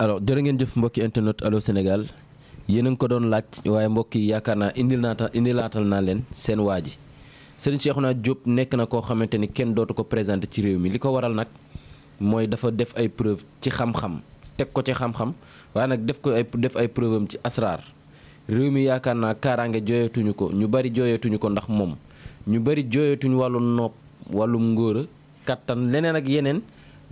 alors jërë ngeen jëf mbokki internet Allô Sénégal yéen a ko doon laaj waaye mbokk yi yaakaar naa indil naata indilaatal naa leen seen waa ji Serigne naa jóob nekk na koo xamante ni kenn dootu ko présenté ci réew mi li ko waral nag mooy dafa def ay preuve ci xam-xam teg ko ci xam-xam waaye nag def ko ay def ay preuve ci asraar réew mi yaakaar naa kaaraange jooyatuñu ko ñu bari jooyatuñu ko ndax moom ñu bari jooyatuñu wàllu nopp wàllum ngóora kattan leneen ak yeneen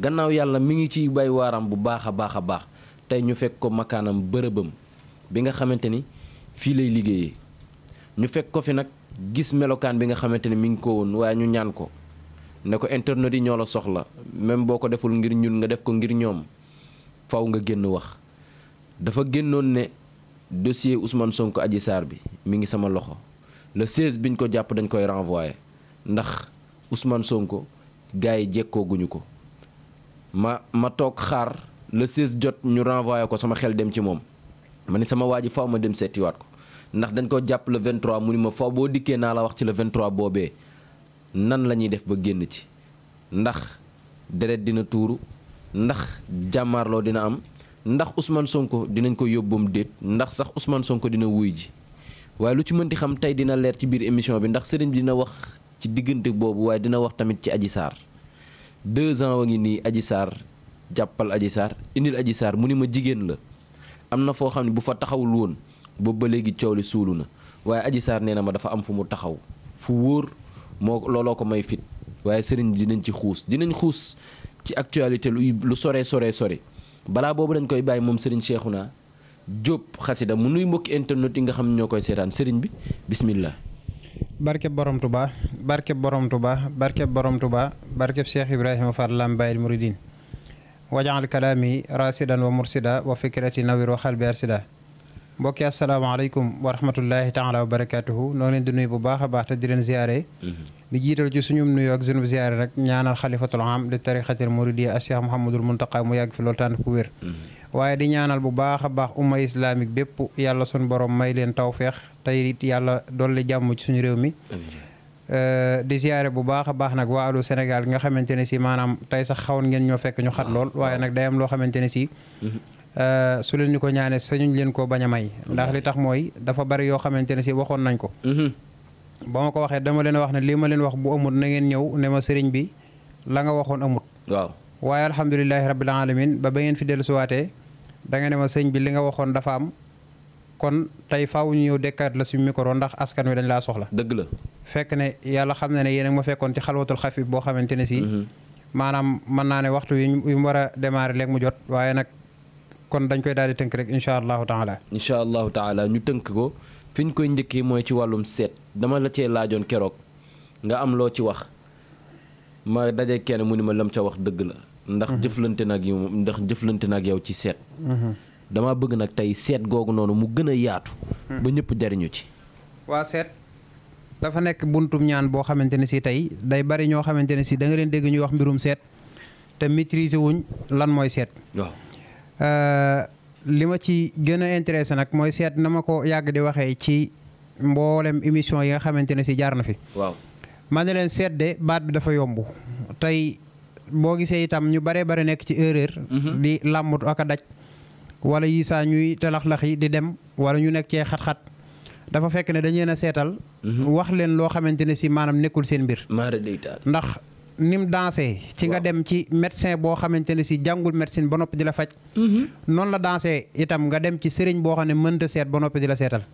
gannaaw yàlla mi ngi ciy bay waaram bu baax a baax a baax tey ñu fekk ko makaanam bërëbam bi nga xamante ni fii lay liggéeye ñu fekk ko fi nag gis melokaan bi nga xamante ni mi ngi ko woon waaye ñu ñaan ko ne ko internet yi ñoo la soxla même boo ko deful ngir ñun nga def ko ngir ñoom faw nga génn wax dafa génnoon ne dossier Ousmane Sonko aji Sarr bi mi ngi sama loxo le 16 biñ ko jàpp dañ koy renvoyé ndax Ousmane Sonko gars yi jekkooguñu ko ma ma toog xaar le 16 jot ñu renvoyé ko sama xel dem ci moom ma ni sama waa ji faw ma dem seetiwaat ko ndax dañ ko jàpp le 23 mu ni ma faw boo dikkee naa la wax ci le 23 boobee nan la ñuy def ba génn ci ndax deret dina tuuru ndax jàmmaarloo dina am ndax Ousmane Sonko dinañ ko yóbboom déet ndax sax Ousmane Sonko dina wuy ji waaye lu ci mënti xam tey dina leer ci biir émission bi ndax sëriñ bi dina wax ci diggante boobu waaye dina wax tamit ci aji Sarr deux ans wa ngi nii aji Sarr jàppal Adji Sarr indil Adji Sarr mu ni ma jigéen la am na foo xam ne bu fa taxawul woon boobu ba léegi coow li suulu na waaye Adji Sarr nee na ma dafa am fu mu taxaw fu wóor moo looloo ko may fit waaye sëriñ dinañ ci xuus dinañ xuus ci actualité lu lu sore sore sore balaa boobu dañ koy bàyyi moom sëriñ Cheikhouna Diop xasida mu nuy mbokki internet yi nga xam ñoo koy seetaan sëriñ bi bismillah barkeb borom Touba barkeb borom Touba barkeb borom Touba barkeb Cheikh Ibrahima Fall Lambaye Mouridine wajaal kalaami rasidan wa mursida wa fikrati nawir wa xalbi arsida mbokki asalaamaaleykum wa rahmatullahi taala wa barakaatuhu noo leen di nuyu bu baax a baax te di leen ziare. Mm-hmm. di jiital ci suñum nuyoo ak sunu ziare rek ñaanal xalifatul am di tarixatil muridiya a cheikh mouhamadul muntaqa mu yàgg fi loolu tànn ku wér mm-hmm. waaye di ñaanal bu baax a baax umma islamique bépp yàlla sunu boroom may leen tawfeex tey it yàlla dolli jàmm ci suñu réew mi Euh, di ziare bu baax a baax nag waa Allô Sénégal nga xamante ne si maanaam tey sax xawoon ngeen ñoo fekk ñu xat lool ah, waaye nag day loo xamante ne si. Mm-hmm. Euh, su leen ñu ko ñaanee sañuñ leen koo bañ a may. Mm-hmm. ndax li tax mooy dafa bari yoo xamante ne si waxoon nañ ko. Mm-hmm. ba ma ko waxee dama leen wax ne lii ma leen wax bu amut na ngeen ñëw ne ma sëriñ bi la nga waxoon amut. waaw waaye alhamdulilahi rabbil alamin ba ba ngeen fi dellusiwaatee da nga ne ma sëriñ bi li nga waxoon dafa am. kon tey faaw ñu ñëw dekkaat la suñu micro ndax askan wi dañ laa soxla. dëgg la fekk ne yàlla xam na ne yéen a ma fekkoon ci xalwatul xafif boo xamante ne sii mm-hmm. maanaam mën naa ne waxtu wi mu war a démarrer léegi mu jot waaye nag kon dañ koy daal di tënk rek incha allahu taala. incha allahu taala ñu tënk ko fi ñu koy njëkkee mooy ci wàllum seet dama la cee laajoon keroog nga am loo ci wax ma daje kenn mu ni ma lam ca wax dëgg la. ndax mm-hmm. jëflante na ak yow ndax jëflante na ak yow ci seet. Mm-hmm. dama bëgg nag tey seet googu noonu mu gën a yaatu. Hmm. ba ñëpp jariñu ci. waa seet dafa nekk buntum ñaan boo xamante ne si tey day bari ñoo xamante ne si da nga leen dégg ñuy wax mbirum seet te maîtriser wuñ lan mooy seet. waaw euh, li ma ci gën a intéressé nag mooy seet na ma ko yàgg di waxee ci mboolem émission yi nga xamante ne si jaar na fi. waaw ma ne leen seet de baat bi dafa yomb tey boo gisee itam ñu baree bare nekk ci erreur. Mm-hmm. di làmbatu ak daj. wala yi saa ñuy talax-lax yi di dem wala ñu nekk cee xat-xat dafa fekk ne dañu leen a seetal. Mm-hmm. wax leen loo xamante ne si maanaam nekkul seen mbir. ndax ni mu dansé. ci nga dem ci médecin boo xamante ne si jàngul médecine ba noppi di la faj. Mm-hmm. noonu la dansé itam nga dem ci sëriñ boo xam ne mënta seet ba noppi di la seetal.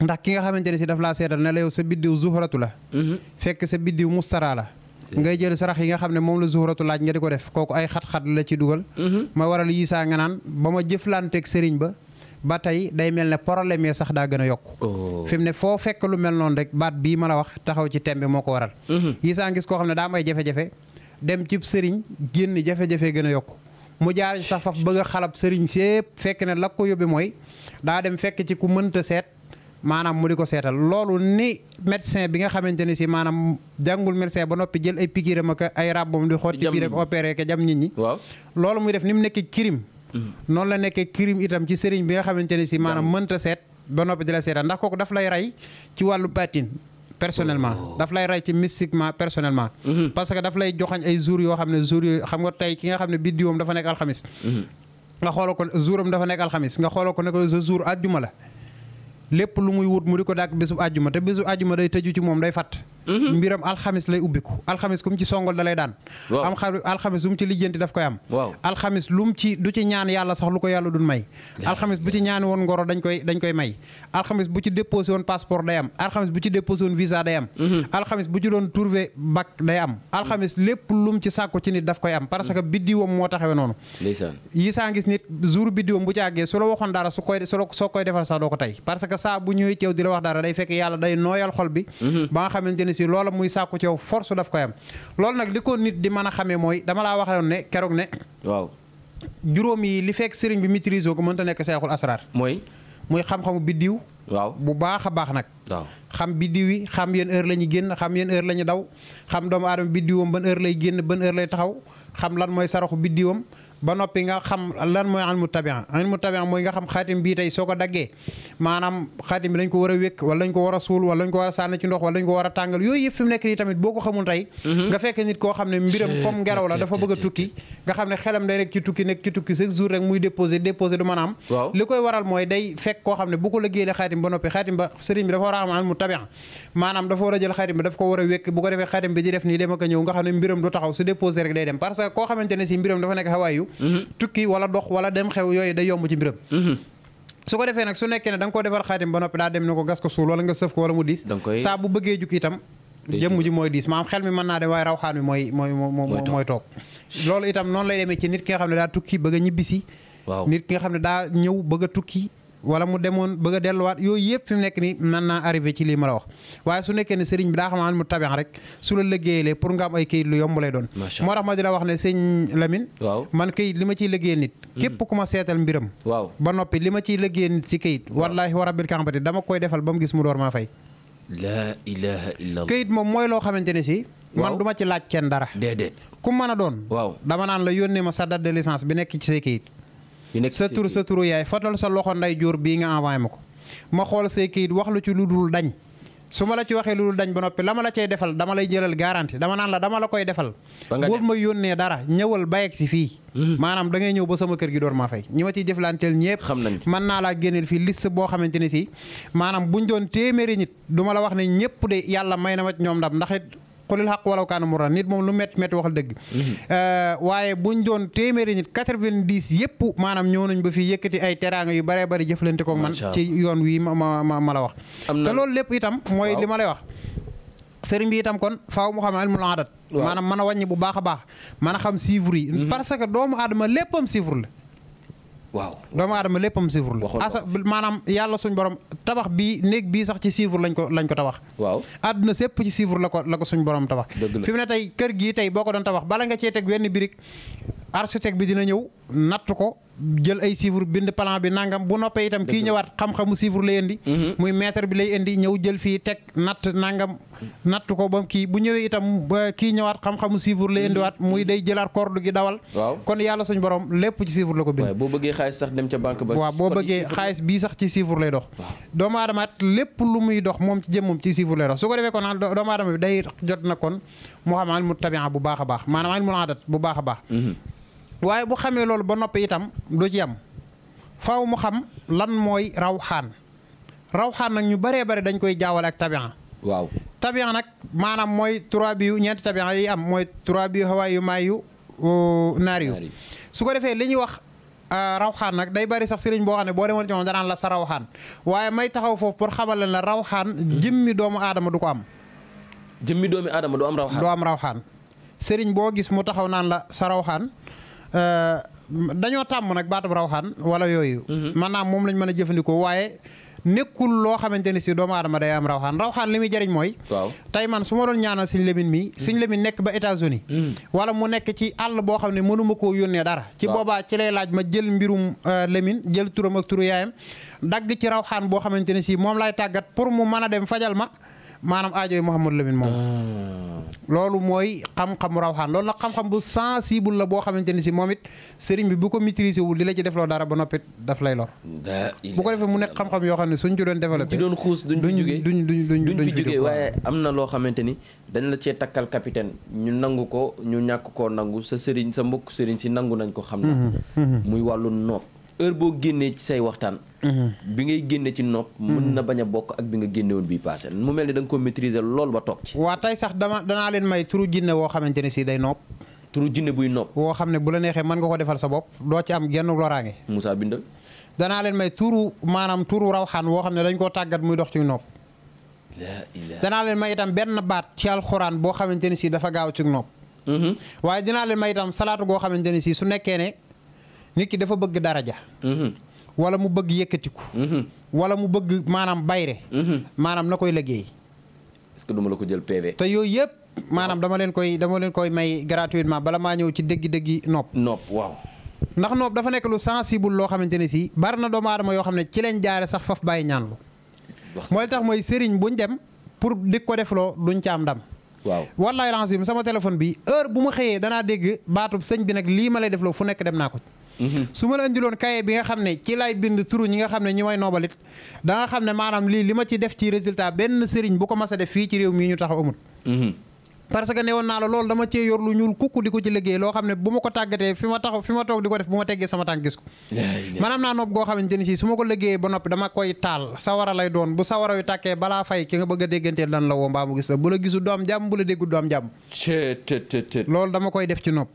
ndax ki nga xamante ne si daf laa seetal ne la yow sa biddiw zuhratu la. Mm-hmm. fekk sa biddiw mustara la. ngay jël sarax yi nga xam ne moom la zuhratu laaj nga di ko def kooku ay xat-xat la ci dugal mhm. ma waral yii saa nga naan ba ma jëflanteeg sëriñ ba ba tey day mel ne problème yi sax daa gën a yokk oh. fi ne foo fekk lu mel noonu rek baat bii ma la wax taxaw ci tembe moo ko waral mhm. yii saa ngis koo xam ne daa am ay jafe-jafe dem cib sëriñ génn jafe-jafe gën a yokk mu jaar sax faf bëgg a xalab sëriñ sépp fekk ne la ko mooy daa dem fekk ci ku mënta maanaam mu di ko seetal loolu ni médecin bi nga xamante ne si maanaam jàngul médecin ba noppi jël ay pikiram ak ay ràbbam di xotti biir ak opéré jam nit ñi waaw loolu muy def ni mu nekkee crime mm-hmm. noonu la nekkee kirim itam ci sëriñ bi nga xamante ne si maanaam mënta seet ba noppi di la seetal ndax kooku daf lay rey ci wàllu baatin personnellement oh. daf lay rey ci mystiquement personnellement mm-hmm. parce que daf lay joxañ ay jour yoo xam ne jour yooyu xam nga tey ki xam ne biddiwam dafa nekk alxamis mm-hmm. nga xooloo ko jouram dafa nekk alxamis nga xooloo ko ne ko sa jour la lépp lu muy wut mu di ko dàkk bisub àjjuma te bisub àjjuma day tëju ci moom day fàtt Mm-hmm. mbiram alxamis lay ubbiku alxamis ku mu ci songal da daan alxamis lu mu ci lijjanti daf koy am alxamis ko yàlla dun may alxamis bu ci ñaani woon ngoro dañ koy dañ koy may alxamis bu ci déposé woon passeport day am alxamis bu ci déposé woon visa day am mm-hmm. alxamis bu ci doon trouvé bac day am alxamis lépp lu ci sàkku ci nit daf koy am parce mm-hmm. que biddiwam moo taxawee noonu yi saa ngis nit jour biddiwam bu ci àggee su la waxoon dara su koy soo koy defal sax doo ko tey parce que saa ne si loola muy sàkku ci yow force daf koy am loolu nag li kon nit di mën a xamee mooy dama laa waxoon ne keroog ne. juróom yi li fekk sëriñ bi maîtrise ko mënta nekk seexul asraar. mooy muy xam-xamu biddiw. waaw bu baax a baax nag. waaw xam biddiw yi xam yen heure la ñuy génn xam yéen heure la ñuy daw xam doomu aadama biddiwam ban heure lay génn ban heure lay taxaw xam lan mooy saraxu biddiwam ba noppi nga xam lan mooy ilmu tabian ilmu tabian mooy nga xam xaatim bii tey soo ko daggee maanaam xaatim bi lañ ko war a wékk wala lañ ko war a suul wala lañ ko war a sànni ci ndox wala lañ ko war a tàngal yooyu yëpp fi mu nekk nii tamit boo ko xamul tey mhm. nga xam ne mbiram comme ngelaw la a tukki nga xam ne xelam day rek ci tukki nekk ci tukki chaque jour maanaam waral mooy fekk koo xam ne bu ko liggéeyee xaatim ba noppi xaatim ba sëriñ dafa war a a jël xaatim bi daf ko war a wékk bu ko defee xaatim bi di def nii dem a ñëw nga xam ne mbiram du taxaw su déposé rek day dem parce que koo xamante ne si mbiram dafa nekk xawaayu Mm-hmm. tukki wala dox wala dem xew yooyu da yomb ci mbiram mm-hmm. su ko defee nag su nekkee ne da nga koo defar xaatim ba noppi daa dem ne ko gas ko suul wala nga sëf ko wala mu diis saa bu bëggee jukki itam jëmm ji mooy diis maanaam xel mi mën naa dem waaye rawxaan mi mooy toog loolu itam noonu lay demee ci nit ki nga xam ne daa tukki bëgg a ñibbisi nit ki nga xam ne daa ñëw bëgg a tukki wala mu demoon bëgg a delluwaat yooyu yëpp fi mu nekk ni man naa arrivé ci lii ma la wax waaye su nekkee ne sëriñ bi daa xamaan mu tabax rek su la liggéeyalee pour nga am ay këyit lu yomb lay doon moo tax ma di la wax ne sëñ Lamine waaw man këyit li ma ciy liggéeyal nit mm. képp ku ma seetal mbiram ba noppi li ma ciy liggéeyal nit ci këyit wallaahi wa rabbil kaxambati dama koy defal ba mu gis mu door maa fay laa ilaaha këyit moom mooy loo xamante ne si man du ma ci laaj kenn dara déedéet ku mën a doon waaw dama naan la yónnee ma sa date de bi nekk ci say këyit sa tur sa turu yaay fatal sa loxo nday joor bii nga envoyé ma ko ma xool say kayit wax lu ci lu dul dañ su ma la ci waxee lu dul dañ ba noppi la ma la cee defal dama lay jëlal garanti dama naan la dama la koy defal bul ma yónnee dara ñëwal bayeek si fii mhm. maanaam da ngay ñëw ba sama kër gi doon maa fay ñi ma ci jëflanteel ñëpp xam nañ mën naa laa génneel fii liste boo xamante ne si maanaam buñ doon téeméeri nit du ma la wax ne ñëpp de yàlla may na ma ñoom ndam ndax xulil xaq walaw kaana murra nit moom lu métti métti waxal dëgg mhm. euh, waaye buñ doon téeméeri nit quatre-vingt-dix yëpp maanaam ñëw nañ ba fii yëkkati ay teraanga yu bëree bëri jëflante ko man ci yoon wii ma ma ma la wax te loolu lépp itam mooy li ma lay wax sëriñ bi itam kon faaw mu xam ilmul adat maanaam mën a wàññi bu baax a baax mën a xam chiffre yi mhm. parce que doomu aadama léppam chiffre la waaw doomu aadama léppam chiffre la. asa maanaam yàlla suñ borom tabax bii néeg bii sax ci chiffre lañ ko lañ ko tabax. waaw àdduna sépp ci chiffre la ko la ko suñ borom tabax. fi mu ne tey kër gi tey boo ko doon tabax bala nga cee teg wenn birig architecte bi dina ñëw natt ko. jël ay chiffres bind palant bi nangam bu noppee itam kii ñëwaat xam-xamu chiffre lay indi mhm. muy mètre bi lay indi ñëw jël fii teg natt nangam natt ko ba kii bu ñëwee itam kii ñëwaat xam-xamu chiffre lay mhm. indiwaat muy day jëlaat corde gi dawal waaw kon yàlla suñ borom lépp ci chiffre la ko bind boo bëggee xaalis sax dem ca banque ba waaw boo bëggee xaalis bii sax ci chiffre lay dox doomu aadama at lépp lu muy dox moom ci moom ci chiffre lay dox su ko defee kon doomu aadama bi day jot na kon mu xam mu tabia bu baax a baax maanaam al mu bu baax a baax mhm. waaye bu xamee loolu ba noppi itam du ci am faaw mu xam lan mooy rawxaan rawxaan nag ñu bëree bëri dañ koy jaawale ak tabian waaw tabian nag maanaam mooy trois bi yu ñeenti tabian yi am mooy trois bi yu hawaa yu maay yu naar yu su ko defee li ñuy wax euh, rawxaan nag day bari sax sëriñ boo xam ne boo demoon ci danaan la sa waaye may taxaw pour xamal leen la rawxaan hmm. jëmmi doomu aadama du ko am jëmmi doomu aadama du am rawxaan du am rawxaan sëriñ boo gis mu taxaw naan la sa rawxaan Euh, dañoo tàmm nag baatub rawxaan wala yooyu. Mhm. maanaam moom lañ mën a jëfandikoo waaye nekkul loo xamante ni si doomu aadama day am rawxaan rawxaan li muy jariñ mooy. waaw tey man su ma doon ñaanal sëñ Lamine mi mhm. sëñ Lamine nekk ba États-Unis mhm. wala mu nekk ci àll boo xam ne mënuma koo yónnee dara. ci boobaa ci lay laaj ma jël mbirum euh, Lamine jël turam ak turu dagg ci rawxaan boo xamante ne si moom lay tàggat pour mu mën a dem fajal ma maanaam aajo yi Mouhamadou Lamine moom ah. loolu mooy xam-xam rawxaan loolu nag xam-xam bu sensible la boo xamante ni si moom it sëriñ bi bu ko maîtriser wul di la ci defloo dara ba noppit daf lay lor bu ko defee mu nekk xam-xam yoo xam ne suñ ci doon développé doon xuus duñ fi jógee duñ duñ duñ fi jógee waaye am na loo xamante ni dañ la cee takkal capitaine ñu nangu ko ñu ñàkk ko nangu sa sëriñ sa mbokk sëriñ si nangu nañ ko xam na mm-hmm. Mm-hmm. muy wàllu nopp heure boo génnee ci say waxtaan. Mhm. bi ngay génne ci nopp. mën mhm. na bañ a bokk ak bi nga génne woon bii paase mu mel ni da nga ko maîtriser lool ba toog ci. waa tey sax dama danaa leen may turu jinne woo xamante ne si day nopp. turu jinne buy nopp. woo xam ne bu la neexee mën nga ko defal sa bopp doo ci am genn loraange. Moussa bindal. danaa leen may turu maanaam turu rawxaan woo xam ne dañ koo tàggat muy dox ci nopp. danaa leen may itam benn baat ci alxuraan boo xamante ne si dafa gaaw ci nopp. Mhm. waaye dinaa leen may itam salaatu goo xamante si su nekkee ne nit ki dafa bëgg daraja mm-hmm. wala mu bëgg yëkkatiku mm-hmm. wala mu bëgg maanaam bayre mm-hmm. maanaam na koy liggéey est que duma la ko jël PV te yooyu yëpp maanaam dama leen koy dama leen koy may gratuitement bala maa ñëw ci dëgg-dëggi nopp nopp waaw ndax nopp dafa nekk lu sensible loo xamante ne sii bari na doomu aadama yoo xam ne ci leen jaare sax faf bàyyi ñaanlu mooy tax mooy sëriñ buñ dem pour di ko defloo duñ ca am ndam waaw wallaay lancim sama téléphone bi heure bu mu xëyee danaa dégg baatu sëñ bi nag lii ma lay defloo fu nekk dem naa ko su ma la indiloon kaye bi nga xam ne ci lay bind turu ñi nga xam ne ñu may noobalit da xam ne maanaam lii li ma ci def ci résultat benn sëriñ bu ko masa def fii ci réew mii ñu taxaw amul mm-hmm. parce que ne woon naa la loolu dama cee yor lu ñuul kukk di ko ci liggéey loo xam ne bu ma ko tàggatee fi ma taxaw fi ma toog di ko def bu ma teggee sama tànk gis ko maanaam naa noob goo xamante ni si su ma ko liggéeyee ba noppi dama koy taal sawara lay doon bu sawara wi tàkkee balaa fay ki nga a dégganteel lan la woo mbaa mu gis gisu doom jàmm bu la doom jàmm loolu dama koy def ci nopp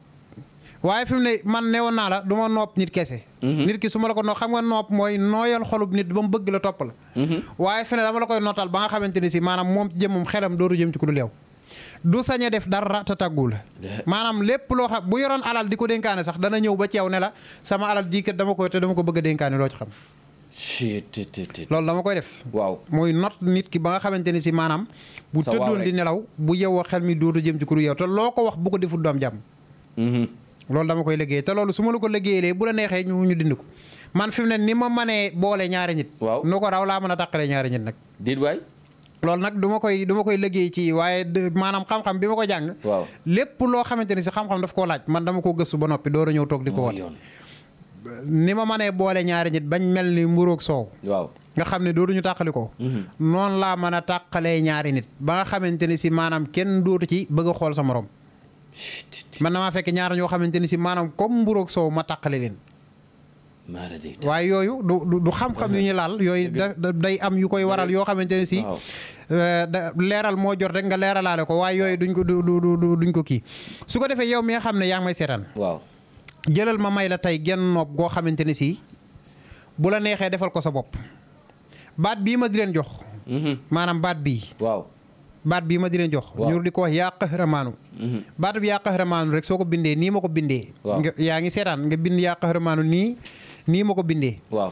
waaye fi mu ne man newoon naa la du ma nopp nit kese. Mhm. nit ki suma la ko noo xam nga noop mooy nooyal xolub nit ba mu bëgg la topp la. Mhm. waaye fi ne dama la koy nootal ba nga xamante ne si maanaam moom ci jëmmum xelam jëm ci ku dul yow du sañ a def dara te tàggu la maanaam lépp loo xam bu yoroon alal di ko dénkaane sax dana ñëw ba ci yow ne la sama alal jii kat dama koy ko bëgg a loo ci xam. loolu dama koy def. waaw mooy not nit ki ba nga xamante ne si maanaam. bu tëddoon di nelaw bu yeewoo xel mi dootu jëm ci ku dul yow te loo ko wax bu ko defut doom jam loolu dama koy liggéey te loolu su ma la ko liggéeyee bu la neexee ñu ñu dind ko man fi mu ne ni ma manee boole ñaari nit. waaw nu ko raw laa mën a tàqalee ñaari nit nag. déet waay. loolu nag koy du koy liggéey ci waaye maanaam xam bi ma ko jàng. waaw lépp loo xamante ni si xam daf koo laaj man dama koo gëstu ba noppi door a ñëw toog di ko wane. ni ma mënee boole ñaari nit bañ mel ni mburoog soow. waaw nga xam ne dootuñu tàqali ko. Mm-hmm. noonu laa mën a tàqalee ñaari nit. ba nga xamante ni si maanaam kenn dootu ci bëgg a xool sa moroom man na maa fekk ñaar ñoo xamante ni si maanaam comme mburook soow ma tàqale leen. waaye yooyu du du xam-xam yu ñu laal yooyu day am yu koy waral yoo xamante ne si. Euh, da leeral moo jot rek nga leeralaale ko waaye yooyu duñ ko du duñ ko kii. su ko defee yow mi nga xam ne yaa ngi may seetaan. waaw jëlal ma may la tey genn noob goo xamante ne si bu la neexee defal ko sa bopp baat bii ma di leen jox. Mhm. maanaam baat bii. waaw. baat bii ma di leen jox. ñu di ko wax yaa qahramaanu. Mhm. baat bi yaa qahramaanu rek soo ko bindee nii ma ko bindee. yaa ngi seetaan nga bind yaa qahramaanu nii nii ma ko bindee. waaw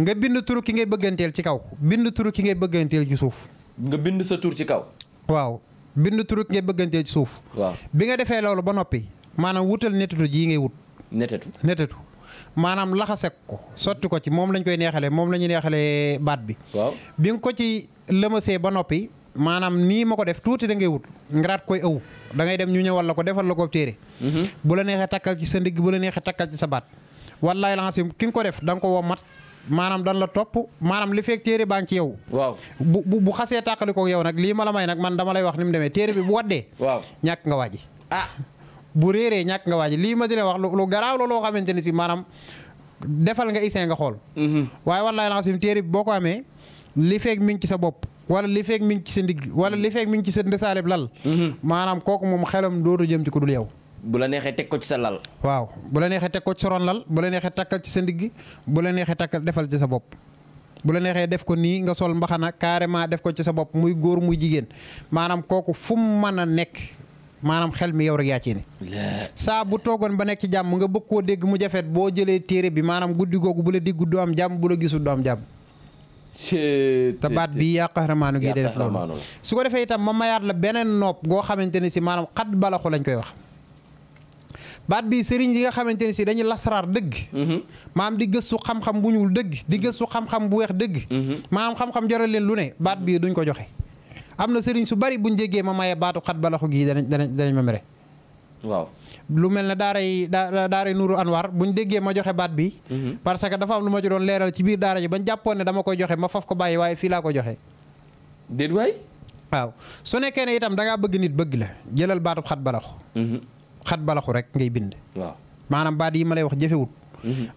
nga bind turu ki ngay bëgganteel ci kaw bind turu ki ngay bëgganteel ci suuf. nga bind sa tur ci kaw. waaw bind turu ki ngay bëgganteel ci suuf. waaw bi nga defee loolu ba noppi maanaam wutal netetu jii ngay wut. netetu netetu. maanaam laxase ko sotti ko ci moom lañ koy neexalee moom la ñu neexalee baat bi. waaw bi nga ko ci lëmasee ba noppi. maanaam nii ma ko def tuuti da ngay wut ngaraat koy aw da ngay dem ñu ñëwal la ko defal la ko téere mhm. bu la neexee takkal ci sa ndigg bu la neexee takkal ci sa baat wallaay lancim ki nga ko def da nga ko mat maanaam dan la topp maanaam li fekk téere baa ngi ci yow waaw bu bu bu xasee tàqali ko yow nag lii ma la may nag man dama lay wax ni mu demee téere bi bu waddee waaw ñàkk nga waaji ah bu réeree ñàkk nga waaji lii ma dina wax lu garaaw la loo xamante ni si maanaam defal nga isin nga xool mhm. waaye wallaay lancim téere bi boo ko amee li fekk mi ngi ci sa bopp wala li feeg mi ngi ci sa ndigg wala li feeg mi ngi ci sa ndesaaleb lal. Mhm. maanaam kooku moom xelam dootu jëm ci ko dul yow. bu la neexee teg ko ci sa lal. waaw bu la neexee teg ko ci sa lal bu la neexee takkal ci sa ndigg bu la neexee takkal defal ci sa bopp. bu la neexee def ko nii nga sol mbaxana carrément def ko ci sa bopp muy góor muy jigéen maanaam kooku fu mu mën a nekk maanaam xel mi yow rek yaa ci ne. saa bu toogoon ba nekk ci jàmm nga bëgg koo dégg mu jafet boo jëlee téere bi maanaam guddi googu bu la digg du jàmm bu la gisul du am te baat bi yaa qahramaanu gi day def loolu su ko defee itam ma mayaat la beneen nopp goo xamante ne si maanaam xat balaxu lañ koy wax baat bi sëriñ yi nga xamante ne si dañu lasraar dëgg mhm. maam di gëstu xam-xam bu ñuul dëgg di gëstu xam-xam bu weex dëgg maanaam mhm. xam-xam jaral leen lu ne baat bii duñ ko joxe am na sëriñ su bari bu buñ jegee ma maye baatu xat balaxu gi danañ danañ danañ ma mere lu mel ne daaray daaray Nuuru bu ñu déggee ma joxe baat bi. Mhm. parce que dafa am lu ma ci doon leeral ci biir daara ji bañ jàppoon ne dama koy joxe ma faf ko bàyyi waaye fii laa ko joxe. déet waay. waaw su nekkee ne itam dangaa bëgg nit bëgg la jëlal baatub xat balaxu. Mhm. xat balaxu rek ngay bind. waaw maanaam baat yi ma lay wax jëfewut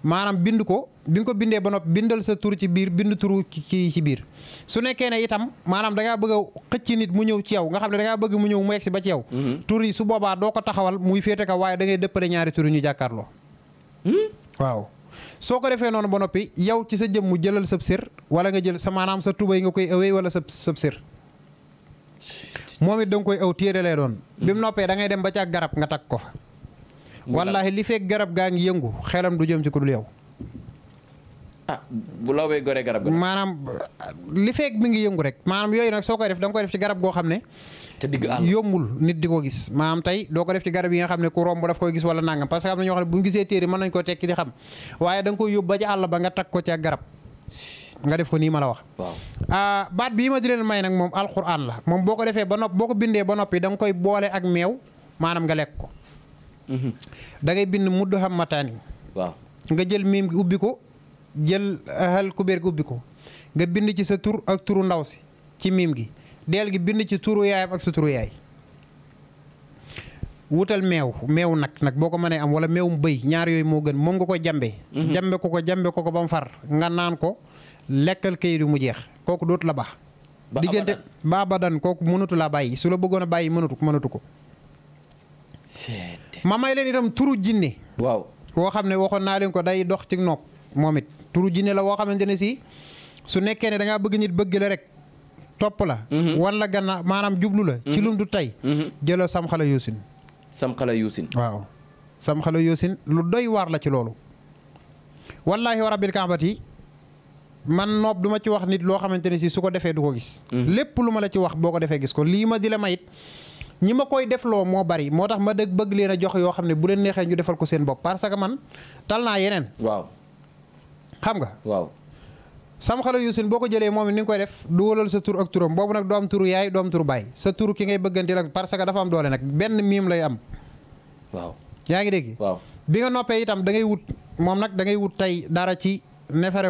maanaam bind ko bi nga ko bindee ba noppi bindal sa tur ci biir bind turu ci ci biir su nekkee ne itam maanaam da bëgg a xëcc nit mu ñëw ci yow nga xam ne da bëgg mu ñëw mu si ba ci yow mm-hmm. tur yi su boobaa doo ko taxawal muy féete ka waaye dangay ngay dëppale ñaari tur ñu jàkkaarloo mm-hmm. waaw soo ko defee noonu ba noppi yow ci sa jëm mu jëlal sab sér wala nga jël sa maanaam sa tubay nga koy awee wala sa sab sér moom it da koy aw téere lay doon mm-hmm. bi mu noppee da ngay dem ba ca garab nga takk ko wallaahi li fekk garab gaa ngi yëngu xelam du jëm ci ko dul yow. ah bu lawee gore garab ga. maanaam li fekk mi ngi yëngu rek maanaam yooyu nag soo koy def da nga koy def ci garab goo xam ne. te digg yombul nit di ko gis maanaam tey doo ko def ci garab yi nga xam ne ku romb daf koy gis wala nangam parce que am na ñoo xam ne bu ñu gisee téere mën nañ ko tekki di xam waaye da koy yóbbu ci àll ba nga takk ko ci ak garab nga def ko nii ma la wax. waaw ah, baat bii ma di leen may nag moom alxuraan la moom boo ko defee ba nopp boo ko bindee ba noppi da koy boole ak meew maanaam nga lekk ko. Mhm. da ngay bind muddu xam mataani waaw nga jël miim gi ubbi ko jël eh, hal kubéer gi ubbi ko nga bind ci sa tur ak turu ndaw si ci miim gi deel gi bind ci turu yaayam ak sa turu yaay wutal meew meew nag nag boo ko mënee am wala meewum bëy ñaar yooyu moo gën moom nga ko jambe mhm. jambe ko ko jambe ko ko ba mu far nga naan ko lekkal kayit mu jeex kooku dootu la baax diggante ba abadan kooku mënatu laa bàyyi su la bëggoon bàyyi mënatu mënatu ko ma may leen itam turu jinne waaw woo xam ne waxoon naa leen ko day dox ci noog moom it turu jinne la woo xamante ne sii su nekkee ne da bëgg nit bëgg la rek topp la mhm. wan la gannaaw maanaam jublu la ci mhm. lum du tey mhm. jëlal sam xala yuusin sam xala waaw sam xala yuusin lu doy waar la ci loolu wallaahi a rabbil kaabati man noob duma ci wax nit loo xamante ne si su ko defee du ko gis lépp lu ma la ci wax boo ko defee gis ko lii ma di la mayit ñi ma koy defloo moo bari moo tax ma dëgg bëgg leen a jox yoo xam ne bu leen neexee ñu defal ko seen bopp parce que man tal naa yeneen. waaw xam nga. waaw sam xale yu seen boo ko jëlee moom ni nga koy def du wëlal sa tur ak turam boobu nag doo am turu yaay doo am turu baay sa tur ki ngay bëggante la parce que dafa am doole nag benn miim lay am. waaw yaa ngi dégg. waaw bi nga noppee itam da ngay wut moom nag da ngay wut tey dara ci neefere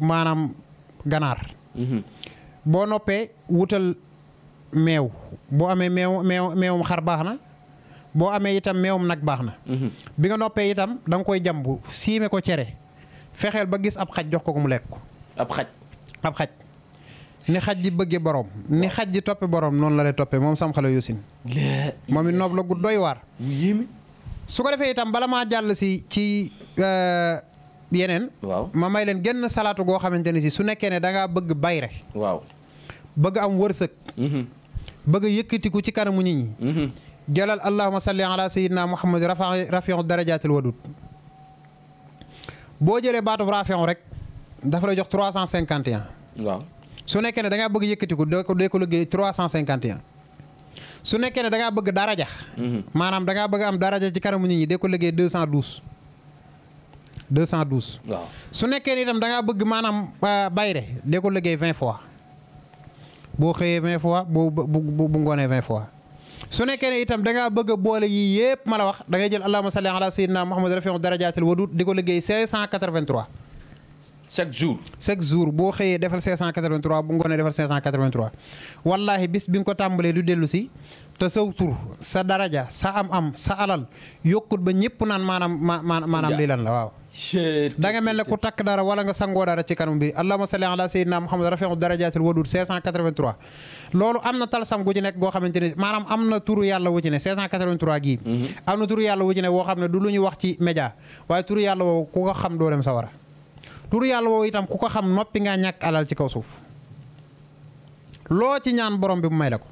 maanaam ganaar. Mhm. boo noppee wuta meew boo amee meew meew meewum xar baax na boo amee itam meewum nag baax na. Mhm. bi nga noppee itam da nga koy jàmbu siime ko cere fexeel ba gis ab xaj jox ko ko mu lekk ko. ab xaj ab xaj. ni xaj ji bëggee borom ni xaj ji toppee borom noonu la lay toppee moom sam xale yosin. moom it noob la gu doy waar. su ko defee itam bala maa jàll si ci euh, yeneen. waaw ma may leen genn salaatu goo xamante ne si su nekkee ne da ngaa bëgg bayre waaw bëgg am wërsëg mhm. bëgg a yëkkatiku ci kanamu nit ñi mhm. jalal allahuma salli ala sayidina muhammad rafa rafiu darajatil wadud boo jëlee baatub rafiu rek dafa lay jox trois cent cinquante waaw su nekkee ne dangaa ngaa bëgg yëkkatiku doo ko doo ko liggéey trois cent cinquante su nekkee da ngaa bëgg daraja mhm. maanaam da ngaa bëgg am daraja ci kanamu nit ñi dee ko liggéey deux cent douze deux cent douze waaw su nekkee ni itam da ngaa bëgg maanaam euh, bayre dee ko liggéey vingt fois boo xëyee vingt fois bu bu bu ngoonee vingt fois su nekkee ne itam da ngaa bëgg a boole yii yëpp ma la wax da ngay jël allahumma salli ala sayyidina muhammad rafiu darajaatil wadud di ko liggéey 583. chaque jour. chaque jour boo xëyee defal 583 bu ngoonee defal 583 wallaahi bis bi nga ko tàmbalee du dellu si te saw tur sa daraja sa am-am sa alal yokkut ba ñëpp naan maanaam maanaam lii lan la waaw. da nga mel ne ku takk dara wala nga sangoo dara ci kanam bi allahumma salli ala sayyidina muhammad rafi'u darajatil wadud 583 loolu am na talsam gu ci xamante ne maanaam am na turu yàlla wu ci ne 583 gii mm-hmm. am na turu yàlla wu ci ne woo xam ne du lu ñu wax ci média waaye turu yàlla woowu ku ko xam doo dem sawara turu yàlla woowu itam ku ko xam noppi ngaa ñàkk alal ci kaw suuf loo ci ñaan borom bi mu may la ko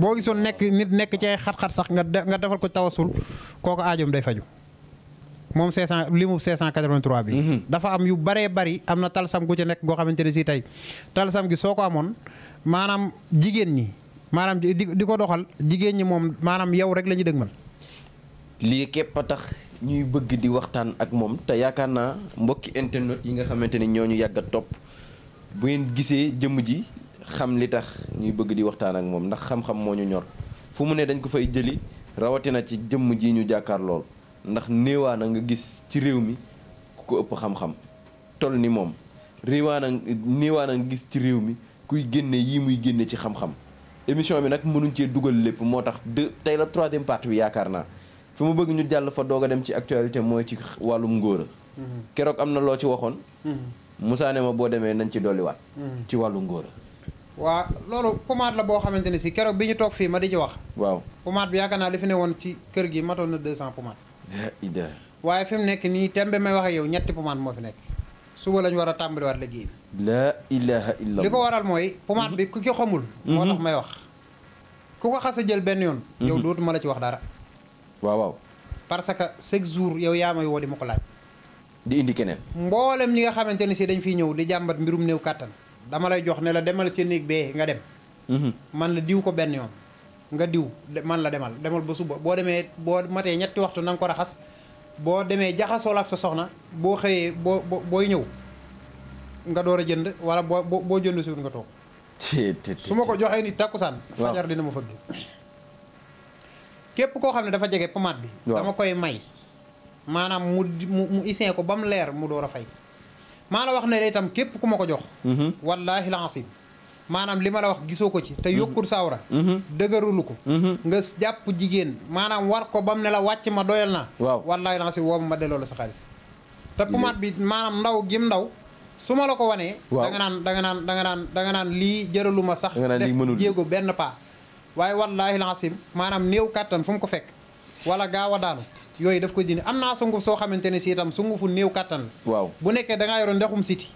boo gisoon nekk nit nekk ci ay xat-xat sax nga nga defal ko tawasul kooku aajoom day faju moom 500 limu 583 bi. Mhm. dafa am yu baree bari am na talsam gu ci nekk goo xamante ne sii tey talsam gi soo ko amoon maanaam jigéen ñi maanaam di di ko doxal jigéen ñi moom maanaam yow rek la ñu dëgmal. lii képp a tax ñuy bëgg di waxtaan ak moom te yaakaar naa mbokki internet yi nga xamante ne ñoo ñu yàgg topp bu ngeen gisee jëmm ji xam li tax ñuy bëgg di waxtaan ak moom ndax xam-xam moo ñu ñor fu mu ne dañ ko fay jëli rawatina ci jëmm ji ñu jàkkaar lool ndax néewaana nga gis ci réew mi ku ko ëpp xam-xam toll ni moom réewaana néewaana nga gis ci réew mi kuy génne yii muy génne ci xam-xam émission bi nag mënuñ cee dugal lépp moo tax de tey la troisième partie bi yaakaar naa fi mu bëgg ñu jàll fa doog dem ci actualité mooy ci wàllum ngóora mm-hmm. keroog am na loo ci waxoon mm-hmm. Moussa ne ma boo demee nañ ci dolliwaat mm-hmm. ci wàllu ngóor a waa loolu pommade la boo xamante ni si keroog bi ñu toog fii ma di ci wax waaw pommade bi yaakaar naa li ne woon ci kër gi matoon na deux cent pommade waaye fi mu nekk nii tembe may waxee yow ñetti pommade moo fi nekk suba lañu war a tàmbaliwaat liggéey bi. la ilaha illallah li ko waral mooy. pommade bi ku ki xamul. Mm-hmm. Mm-hmm. moo tax may wax ku ko xas a jël benn yoon. Mm-hmm. yow dootuma la ci wax dara. waaw waaw. parce que chaque jours yow yaa may woo di ma ko laaj. di indi keneen. mboolem li nga xamante ne si dañ fiy ñëw di jàmbat mbirum néew kàttan dama lay jox ne la demal ca néeg bee nga dem. man la diw ko benn yoon. nga diw man la demal demal ba suba boo demee boo matee ñetti waxtu na ko raxas boo demee jaxasoo ak sa soxna boo xëyee boo booy ñëw nga door a jënd wala boo boo jënd siwut nga toog su ma ko joxee ni takkusaan fajar dina ma fëgg képp koo xam ne dafa jege pomaat bi dama koy may maanaam mu mu isin ko ba mu leer mu door a fay maa la wax ne itam képp ku ma ko jox mm-hmm. wallaahi la maanaam li ma la wax gisoo ko ci te mhm. yokkul sawra mhm. dëgërulu ko mhm. nga jàpp jigéen maanaam war ko bam ne la wàcc ma doyal naa waaw wallaay lansi woobu ma delloo la sa xaalis te pommade bi maanaam ndaw gim ndaw su ma la ko wanee da nga naan da nga naan da nga naan da nga naan lii jëralu ma sax def jéego benn pas waaye wallaahi lansim maanaam néew kàttan fu mu ko fekk wala gaaw a daanu yooyu daf ko dindi am naa sunguf soo xamante ne si itam sungufu néew kàttan la waaw bu nekkee da ngaa yoroon ndexum siti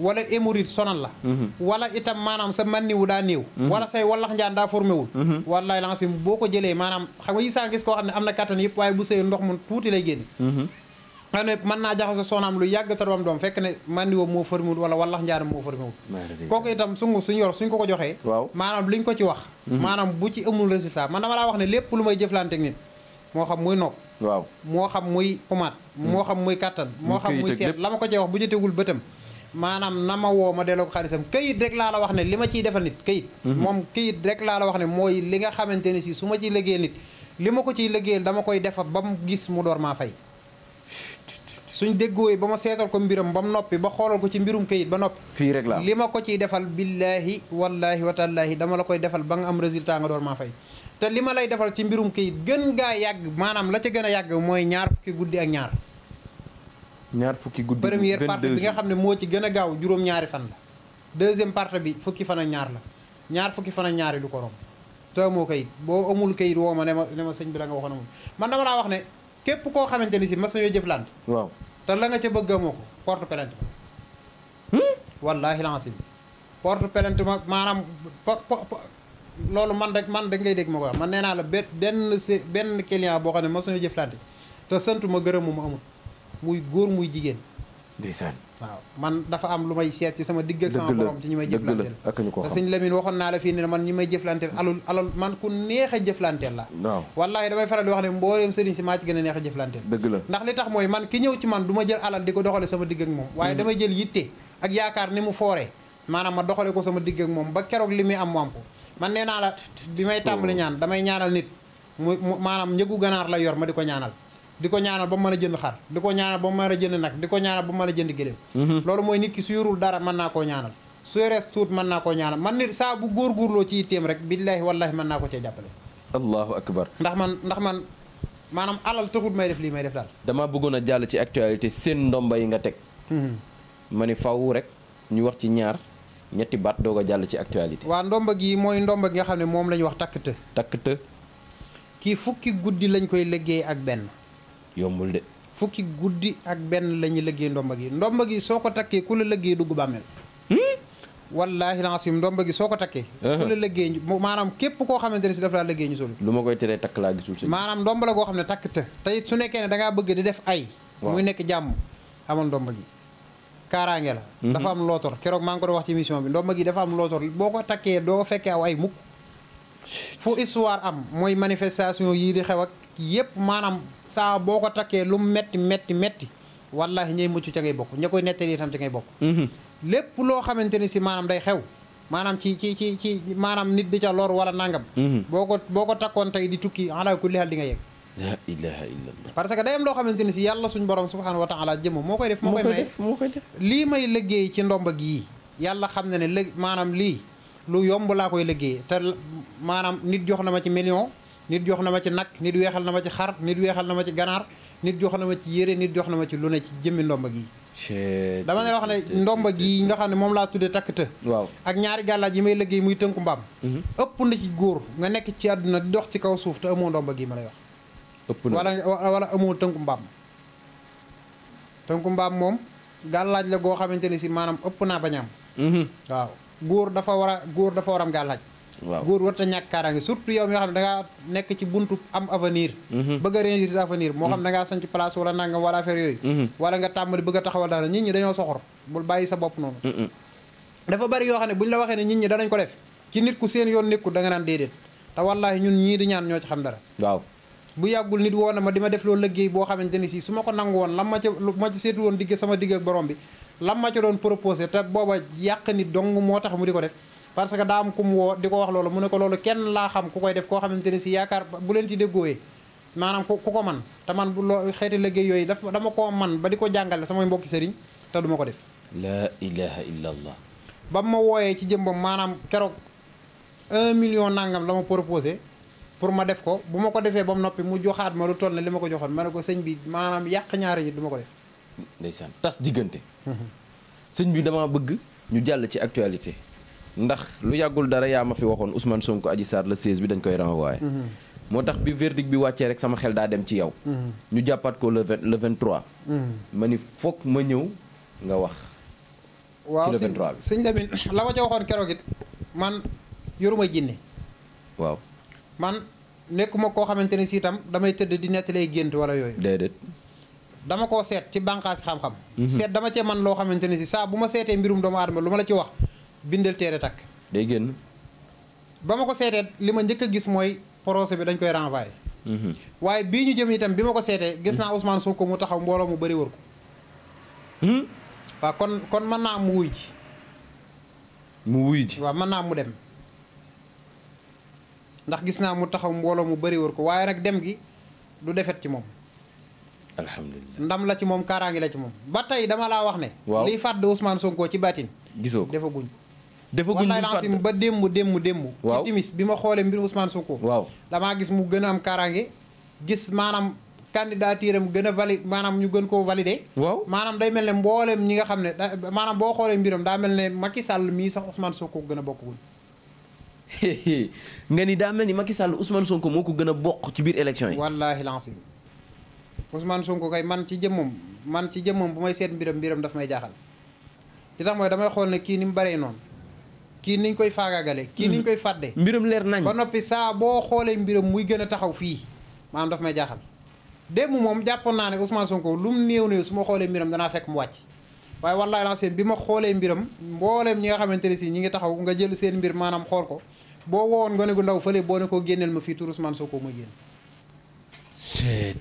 wala émoride sonal la mm-hmm. wala itam maanaam sa man niwu daa néew mm-hmm. wala say wallax njaan daa formé wul mm-hmm. wallaay lancé boo ko jëlee maanaam xam nga saa gis koo xam ne am na kattan yëpp waaye bu sëy ndox mu tuuti lay génn xam ne mën naa jaxase soxnaam lu yàgg te doom doom fekk ne man niwo moo formé wul wala wallax njaan moo formé wul kooku itam sungu suñu yor ko ko joxee waaw maanaam liñ ko ci wax maanaam bu ci amul résultat man dama laa wax ne lépp lu may jëflante ak nit moo xam muy nopp waaw moo xam muy pomaat moo xam muy kattan moo xam muy seet la ma ko cee wax bu jotewul bëtam maanaam na ma woo ma delloo ko xaalisam kayit rek laa la wax ne li ma ciy defal nit kayit mhm. moom kayit rek laa la wax ne mooy li nga xamante ne si su ma ciy liggéeyal nit li ma ko ciy liggéeyal dama koy defa ba mu gis mu door maa fay suñ déggooy ba ma seetal ko mbiram ba mu noppi ba xoolal ko ci mbirum kayit ba noppi fii rek li ma ko ciy defal billaahi wallaahi watallaahi dama la koy defal ba nga am résultat nga door maa fay te li ma lay defal ci mbirum kayit gën ngaa yàgg maanaam la ca gën a yàgg mooy ñaar fukki guddi ak ñaar ñaar fukki guddi première partie bi nga xam ne moo ci gën a gaaw juróom-ñaari fan la deuxième partie bi fukki fan ak ñaar la ñaar fukki fan ak ñaari du ko romb te amoo kayit boo amul kayit woo ma ne ma ne sëñ bi la nga waxoon amul man dama laa wax ne képp koo xamante ni si mas nañoo jëflante te la ca bëgg amoo ko porte plainte hmm? wallaahi lancim porte plainte ma maanaam loolu man rek man rek ngay dégg ma man nee naa la benn benn client boo xam ne mas nañoo jëflante te santu ma gërëmu ma amul muy góor muy jigéen. ndeysaan waaw man dafa am lu may seet ci sama digg ak sama borom ci ñi may jëflanteel te sëñ Lamine waxoon naa la fii ne man ñi may jëflanteel alul alal man ku neex a jëflanteel la waaw wallaahi damay faral di wax ne mbooleem sëriñ si maa ci gën a neex a ndax li tax mooy man ki ñëw ci man du ma jël alal di ko doxale sama digg ak moom waaye mm. damay jël yitte ak yaakaar ni mu fooree maanaam ma doxale ko sama digg ak moom ba keroog li muy am mu am ko man nee naa la bi may tàmbali oh. ñaan damay ñaanal nit mu maanaam njëgu ganaar la yor ma di ko ñaanal di ko ñaanal ba mën a jënd xar di ko ñaanal ba mën a jënd nag di ko ñaanal ba mën a jënd gëléem mm-hmm. loolu mooy nit ki su yorul dara mën naa koo ñaanal su yorees tuut mën naa koo ñaanal man nit saa bu góorgóorloo ci itteem rek billaahi wallaahi mën naa ko cee jàppale allahu akbar ndax man ndax man maanaam alal taxut may def lii may def daal dama bëggoon a jàll ci actualité seen ndomba yi nga teg mm-hmm. ma ni faw rek ñu wax ci ñaar ñetti baat doog a jàll ci actualité waa ndomba gi mooy ndomba gi nga xam ne moom la ñu wax takk të kii fukki guddi lañ koy liggéey ak benn yombul de. fukki guddi ak benn la ñuy lëggee ndomba gi ndomba gi soo ko takkee ku la lëggee dugg bàmmeel. Hmm? wallaahi lancim ndomba gi soo ko takkee. Uh-huh. ku la lëggee maanaam képp koo xamante ne si daf laa lëggee ñu sol. lu ma koy teree takk laa gisul si. maanaam ndomba la goo xam ne takk te tey su nekkee ne da bëgg di def ay. muy nekk jàmm amal ndomba gi. kaaraange la. Mm-hmm. dafa am lootor keroog maa ngi ko doon wax ci émission bi ndomba gi dafa am lootor boo ko takkee doo fekkee aw ay mukk fu histoire am mooy manifestation yii di xew ak yépp maanaam saa boo ko takkee lu metti metti metti wallahi ñay mucc ca ngay bokk ña koy nettali itam ca ngay bokk mhm. lépp loo xamante ne si maanaam day xew maanaam ci ci ci ci maanaam nit di ca lor wala nangam mhm. boo ko boo ko takkoon tey di tukki ala kulli hal di nga yegg la que day am loo xamante ne si yàlla suñ borom subhanahu wa taala jëmm moo koy def moo koy may lii may liggéey ci ndomba gii yàlla xam ne ne lë maanaam lii lu yomb laa koy liggéey te maanaam nit jox na ma ci million nit jox na ma ci nag nit weexal na ma ci xar nit weexal na ma ci ganaar nit jox na ma ci yére nit jox na ma ci lu ne ci jëmmi ndomba gii dama ne wax ne ndomba gii nga xam ne moom laa tuddee takk waaw ak ñaari gàllaaj may liggéey muy tënku mbaam mhm. ëpp na ci góor nga nekk ci àdduna dox ci kaw suuf te amoo ndomba gi ma lay wax ëpp na wala wala amoo tënku mbaam tënku mbaam moom gàllaaj la goo xamante ne si maanaam ëpp naa bañam mhm. waaw góor dafa war góor dafa war am gàllaaj waaw góor warut a ñàkk kaaraange surtout yow mi xam ne da nekk ci buntu am avenir mhm. bëgg a réussir avenir moo xam mhm. da ngaa sanc place wala nangam wala affaire yooyu mhm. wala nga tàmbali bëgg a taxawal dara nit ñi dañoo soxor bul bàyyi sa bopp noonu dafa bari yoo xam ne bu ñu la waxee ne nit ñi danañ ko def ci nit ku seen yoon nekkul da nga naan déedéet te wallaahi ñun ñii di ñaan ñoo ci xam dara waaw bu yàggul nit woon na ma di ma def loolu liggéey boo xamante ni si su ma ko nangu woon lan ma ca ma ci woon digg sama digg ak borom bi ma ca doon proposé te booba yàq nit dong moo tax mu di ko def parce que daa am kum woo di ko wax loolu mu ne ko loolu kenn laa xam ku koy def koo xamante ne si yaakaar bu leen ci déggooyee maanaam ku ku ko man te man bu loo xeeti liggéey yooyu daf dama koo man ba di ko jàngale samay mbokki sëriñ te du ma ko def laa ilaha illa allah ba ma wooyee ci jëmbam maanaam keroog un million nangam la ma proposé pour ma def ko bu ma ko defee ba mu noppi mu joxaat ma lu toll ne li ma ko joxoon ma ne ko sëñ bi maanaam yàq ñaari yi du ma ko def ndeysaan tas diggante bi dama bëgg ñu jàll ci actualité ndax lu yàggul dara yaa ma fi waxoon Ousmane Sonko Adji Sarr le 16 bi dañ koy renvoyé. Mm-hmm. moo tax bi verdict bi wàccee rek sama xel daa dem ci yow. Mm-hmm. ñu jàppaat ko le vingt le mm-hmm. ma ni foog ma ñëw nga wax. ci le 23 sëñ la ma ca waxoon keroog it man yoruma jinne waaw man nekkuma koo xamante ne si tam damay tëdd di lay gént wala yooyu. déedéet. dama koo seet ci bànqaas xam-xam. seet dama cee man loo xamante ne si saa bu ma seetee mbirum doomu aadama lu ma la ci wax. bindal téere takk. day génn. ba ma ko seetee li ma njëkk a gis mooy procès bi dañ koy renvoyé. Mm-hmm. waaye bii ñu jëm itam bi ma ko seetee. gis naa Ousmane Sonko mu taxaw mbooloo mu bëri wër ko. Hmm? kon kon mën naa mu wuy mu wuy ji waaw naa mu dem. ndax gis naa mu taxaw mbooloo mu bëri ko waaye nag dem gi du defet ci moom. alhamdulilah ndam la ci moom kaaraangi la ci moom. ba tey dama laa wax ne. waaw liy fàdd Ousmane Sonko ci baatin. gisoo ko defaguñ. defaguñ ñu ba démb démb démb. waaw ci bi ma xoolee mbir Ousmane Sonko. waaw damaa gis mu gën a am kaaraange gis maanaam candidature am gën a valide maanaam ñu gën koo valider. waaw maanaam day mel ne mboolem ñi nga xam ne maanaam boo xoolee mbiram daa mel ne Macky Sall mii sax Ousmane Sonko gën a bokkul. ni daa mel ni Macky Sall Ousmane Sonko moo ko gën a bokk ci biir élection yi. wallaahi lancé Ousmane Sonko kay man ci jëmmam man ci jëmmam bu may seet mbiram mbiram dafa may jaaxal li tax mooy damay xool ne kii ni mu baree noonu. kii ni ñu koy faagaagale kii ni ñu mm. koy fàdde mbiram leer nañ ba noppi saa boo xoolee mbiram muy gën a taxaw fii maanaam daf may jaaxal démb moom jàppoon naa ne Ousmane Sonko lu mu néew néew su ma xoolee mbiram danaa fekk mu wàcc waaye wallaay la bi ma xoolee mbiram mbooleem ñi nga xamante ne si ñi ngi taxaw nga jël seen mbir maanaam xool ko boo wowoon gone gu ndaw fële boo ko génneel ma fii tur Ousmane Sonko mooy génn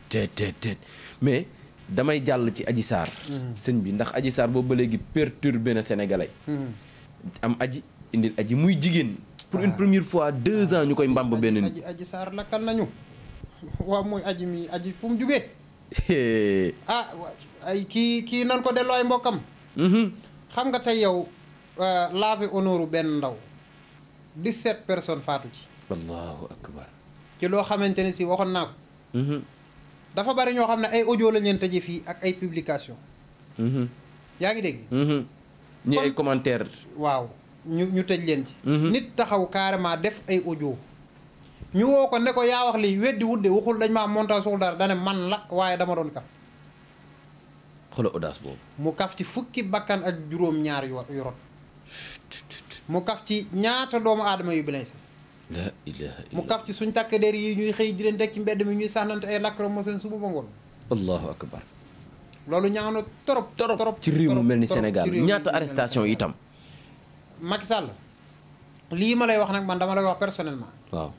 tet mais damay jàll ci Adji Sarr mm. sëñ bi ndax Adji Sarr boobu ba léegi perturbé na Sénégalais mm. am aji indil aji muy jigéen. pour une ah. première fois deux ah. ans ñu koy mbamb benn nit. aji saar Sarr lakkal nañu waaw mooy aji mi aji fu mu jugee. ah ay kii kii nan ko delloo ay mbokkam. Mhm. xam nga tey yow euh, laafe honneur benn ndaw 17 personnes faatu ci. allahu akbar. ci loo xamante ne si waxoon naa ko. Mhm. dafa bari ñoo xam ne ay audio lañ leen fii ak ay publication mhm. yaa ngi dégg. ñi ay commentaire waaw. ñu ñu tëj leen ci. Mm-hmm. nit taxaw carrément def ay audio. ñu woo ko ne ko yaa wax lii weddi de waxul dañ maa montage suul dara dane man la waaye dama doon kaf. xoolal audace boobu. mu kaf ci fukki bakkan ak juróom-ñaar yu yu mu kaf ci ñaata doomu aadama yu blessé. mu kaf ci suñ takk der yi ñuy xëy di leen teg ci mbedd mi ñuy sànnante ay lacrymogène suba ba ngoon. allahu akbar. loolu ñaaw na torop torop ci réew mu mel ni Sénégal ñaata arrestation itam. Macky Sall lii ma lay wax nag man dama lay wax personnellement. waaw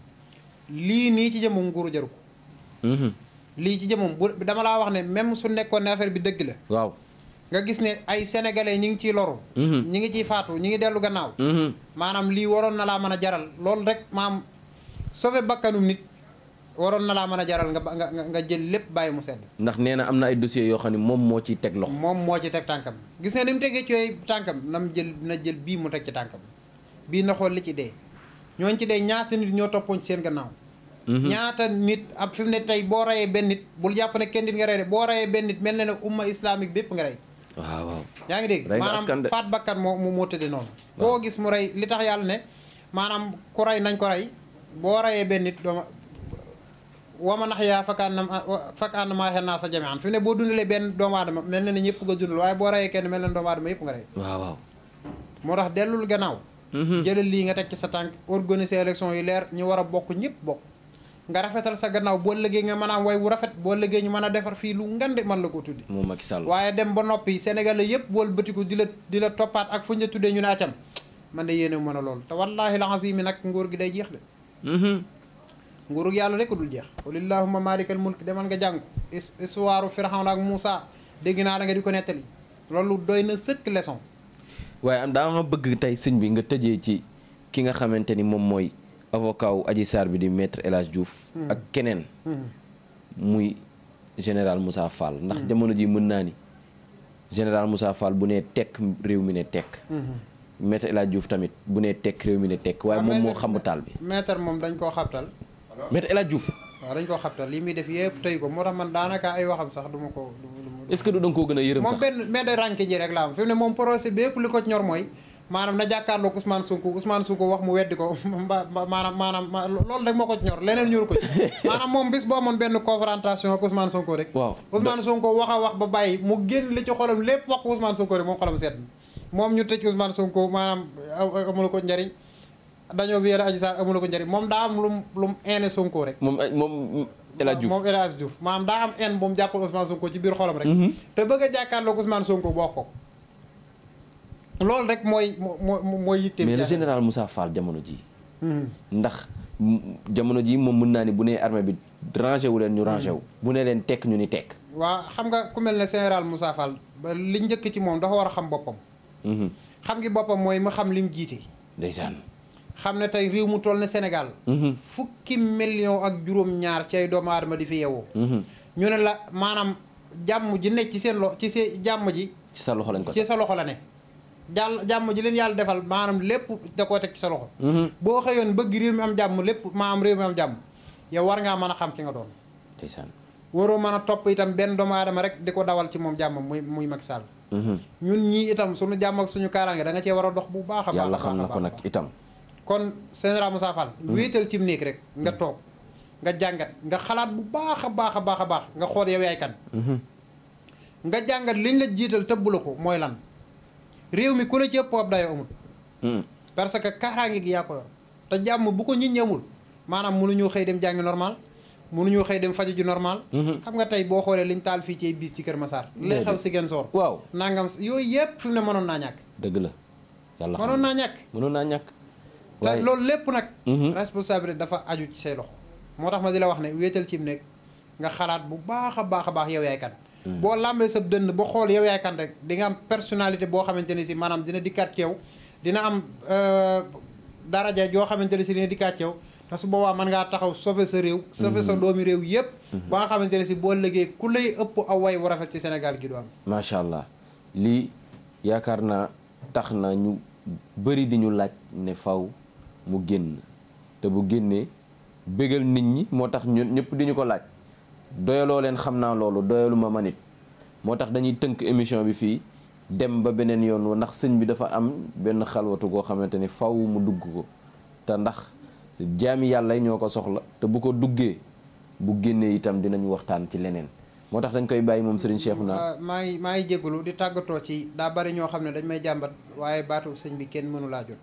lii nii ci jëmum nguuru jaru mhm. lii ci jëmum bu dama laa wax ne même su nekkoon ne affaire bi dëgg la. waaw nga gis ne ay sénégalais ñi ngi ciy loru. Mhm. ñi ngi ciy faatu ñi ngi dellu gannaaw. Mhm. maanaam lii waroon na laa mën a jaral loolu rek maam sauver bakkanum nit. waroon na laa mën a jaral nga nga nga jël lépp bàyyi mu sedd ndax nee am na ay dossiers yoo xam ne moom moo ciy teg loxo moom moo ci teg tànkam gis nga ni mu tegee ci tànkam na mu jël na jël bii mu teg ci tànkam bii na xool li ci dee ñooñ ci dee ñaata nit ñoo toppoon seen gannaaw mhm. ñaata nit ab fi mu ne tey boo rayee benn nit bul jàpp ne kenn nit nga rey boo rayee benn nit mel na ne umma islamique bépp nga rey waaw waaw yaa ngi dégg maanaam faat bakkan moo moo tëdde noonu koo gis mu li tax yàlla ne maanaam ku rey nañ ko rey boo rayee benn nit wa ma nax yaa fakkaan na fakkaan na xel naa sa jame an fi ne boo dundalee benn doomu aadama mel na ni ñëpp nga dundal waaye boo reyee kenn mel na doomu aadama yëpp nga mhm. lii nga teg ci sa tànk organiser élection yu leer ñu war a bokk ñëpp bokk nga rafetal sa gannaaw boo liggéey nga mën a am way wu rafet boo liggéey ñu mën a defar fii lu ngande man la ko tuddi moom Macky Sall waaye dem ba noppi Sénégal la yëpp bool bëtiku di la di la toppaat ak fu ñu la tuddee ñu ne acam man de yéene mën a loolu te wallaahi la azim nag nguur gi day jeex de mhm. nguurug yàlla rek dul jeex walillahumma malikal mulk demal nga jàng histoire Firawna ak Moussa dégg naa la nga di ko nettali loolu doy na sëkk leçon waaye am daa ma bëgg tey sëñ bi nga tëjee ci ki nga xamante ni moom mooy avocat wu Adji Sarr bi di maître El Hadj hmm. ak keneen hmm. muy général Moussa Fall ndax hmm. jamono ji mën naa ni général Moussa Fall bu nee tekk réew mi ne tekk maître El Hadj tamit bu nee tekk réew mi ne tekk waaye moom moo taal bi maître moom dañ koo xabtal Maître El Hadj dañ koo xabtal li muy def yëpp tey ko moo tax man daanaka ay waxam sax du ko. est-ce que du da nga koo a yërëm sax moom benn mais de rànki ñor mooy maanaam na jàkkaarloog Ousmane Sonko Ousmane Sonko wax rek moo moom bis boo amoon benn confrontation ak Ousmane rek a wax moom xolam seet moom ñu tëj Ousmane Sonko maanaam amul ko njariñ dañoo wéer Adji Sarr amul ko njëriñ moom daa am lu lum ene Sonko rek. moom eh, moom El Hadj Diouf moom El daa am en bu mu jàppal Ousmane Sonko ci biir xolam rek. Mhm. te bëgg a jàkkaarloog Ousmane Sonko bokk ko. loolu rek mooy moo mooy yitteem. mais le général Moussa Fall jamono ji ndax jamono ji moom mën naa ni bu nee armée bi rangé wu leen ñu rangé wu. Mhm. bu nee leen tekk ñu ni tekk. waa xam nga ku mel ne général Moussa Fall ba li njëkk ci moom dafa war a xam boppam. Mhm. xam ngi boppam mooy mu xam lim jiite. ndeysaan. xam ne tey réew mu toll ne Sénégal. Mhm. fukki million ak juróom-ñaar ci ay doomu aadama di fi yeewoo. Mhm. ñu ne la maanaam jàmm ji nekk ci seen lo ci seen jàmm ji. sa loxo lañ ko ci sa loxo la ne. jàll jàmm ji leen yàlla defal maanaam lépp da koo teg ci sa loxo. Mhm. boo xëyoon bëgg réew mi am jàmm lépp maanaam réew mi am jàmm yow war ngaa mën a xam ki nga doon. ndeysaan waroo mën a topp itam benn doomu aadama rek di ko dawal ci moom jàmm muy muy Macky Sall. ñun ñii itam suñu jàmm ak suñu kaaraange da nga cee war a dox bu baax yàlla xam na ko nag itam. kon général Moussa Fall hmm. wéetal cim néeg rek nga hmm. toog nga jàngat nga xalaat bu baax a baax a baax a baax nga xool yow yaay kan hmm. nga jàngat liñ la jiital tëbbu la ko mooy lan réew mi ku la ci ëpp ab dayoo amul parce que kaaraange gi yaa ko yor te jàmm bu ko nit ñi amul maanaam mënuñu xëy dem jàngi normal mënuñu xëy dem faju ju normal xam nga tey boo xoolee liñ taal fii ci biis ci Kër masaar lay xew si gen soor waaw nangam yooyu yëpp fi mu ne mënoon naa ñàkk dëgg la te loolu lépp nag. Mhm. responsabilité dafa aju ci say loxo. moo tax ma di la wax ne wéetal ci mu nekk nga xalaat bu baax a baax a baax yow yaay kan. boo làmbee sa dënn ba xool yow yaay kan rek di nga am personnalité boo xamante ne si maanaam dina dikkaat ci yow dina am euh, daraja joo xamante ne si dina dikkaat ci yow te su boobaa mën ngaa taxaw sauver sa réew. sauver sa mhm. doomi réew yëpp. Mhm. ba nga xamante ne si boo liggéey ku lay ëpp aw way wu rafet ci Sénégal gi du am. macha allah lii yaakaar naa tax na ñu bëri di ñu laaj ne faw mu génn te bu génnee bégal nit ñi moo tax ñun ñëpp di ñu ko laaj doyaloo leen xam naa loolu doyalu ma nit moo tax dañuy tënk émission bi fii dem ba beneen yoon wa ndax sëñ bi dafa am benn xalwatu goo xamante ni faw mu dugg ko te ndax jaami yàlla ñoo ko soxla te bu ko duggee bu génnee itam dinañu waxtaan ci leneen moo tax dañ koy bàyyi moom sëriñ Cheikhouna maa ngi maa ngi jégalu di tàggatoo ci daa bari ñoo xam ne dañ may jàmbat waaye baatu sëñ bi kenn mënu jot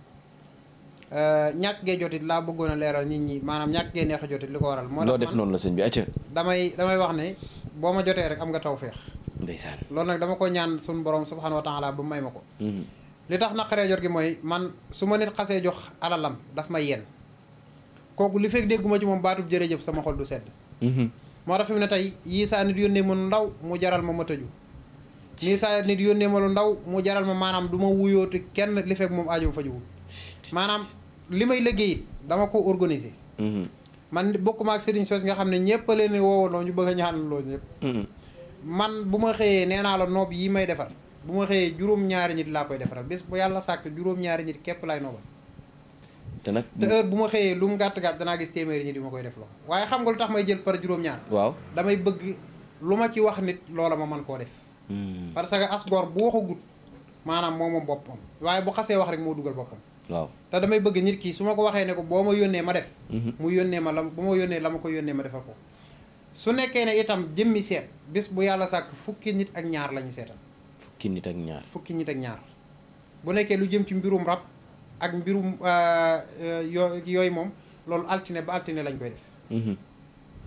Euh, ñàkk gee jotit laa bëggoon a leeral nit ñi maanaam ñàkk gee neex a jotit li ko waral moo loo def noonu la sëñ bi acca damay damay wax ne boo ma jotee rek am nga tawféex ndeysaan loolu nag dama ko ñaan suñu borom subhanahu wa taala ba may ma ko mm-hmm. li tax naqaree jot gi mooy man su ma nit xasee jox alalam daf may yenn kooku li fekk dégguma ci moom baatub jërëjëf sama xol du sedd mm-hmm. moo tax fi mu ne tey yii saa nit yónnee ma lu ndaw mu jaral ma ma tëju yii saa nit yónnee ma lu ndaw mu jaral ma maanaam du ma wuyoote kenn li fekk moom aajo fa juwul maanaam li may liggéey dama ko organiser. Mhm. man bokk ma ak Serigne Sos nga xam ne ñëpp a leen di woowandoo ñu bëgg ñaan ñaanaloo ñëpp. Mhm. man bu ma xëyee nee naa la noob yi may defar bu ma xëyee juróom-ñaari nit laa koy defaral bés bu yàlla sàkk juróom-ñaari nit képp laay noobal. te nag te heure bu ma xëyee lu mu gàtt gàtt danaa gis téeméeri nit di ma koy def loo waaye xam nga lu tax may jël par juróom-ñaar. waaw damay bëgg lu ma ci wax nit loola ma mën koo def. Mhm. parce que as gor bu waxagut maanaam moom moom boppam waaye bu xasee wax rek moo dugal boppam. waaw te damay bëgg nit kii su ma ko waxee ne ko boo ma yónnee ma def mhm. mu yónnee ma la bu ma yónnee la ma ko yónnee ma defal ko su nekkee ne itam jëmmi seet bés bu yàlla sàkk fukki nit ak ñaar la ñu seetal fukki nit ñaar fukki nit ak ñaar bu nekkee lu jëm ci mbirum ak mbirum euh, euh, yo yooyu moom loolu altine ba altine lañ koy def mhm.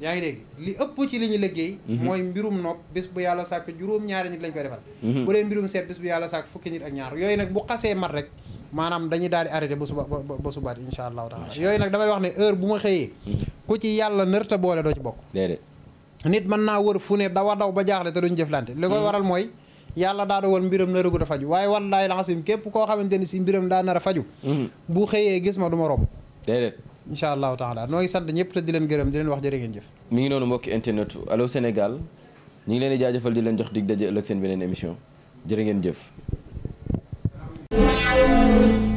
yaa ngi dégg li ëpp ci li ñu liggéey mhm. mooy mbirum nopp bis bu yàlla sàkk juróom-ñaari nit lañ koy defal bu dee mbirum seet bis bu ak ñaar yooyu nag bu xasee mat rek maanaam dañuy daal di arrêté ba suba ba subaat incha allahu taala yooyu nag damay wax ne heure bu ma xëyee hmm. ku ci yàlla nërta boole doo ci bokk nit mën naa war fu ne dawa daw ba jaaxle te duñ jëflante li koy hmm. waral mooy yàlla daa dogal mbiram naragu da faj waaye wallaahi laxasim képp koo xamante ni si mbiram daa nar a faju hmm. bu xëyee gis ma du ma romb déedéet incha allahu taala noo ngi sant ñëpp te di leen gërëm di leen wax jërë ngeen jëf mi ngi noonu internet Allô Sénégal ñi ngi leen di di leen jox dig daje ëllëg beneen émission jërë ngeen jëf Thank you.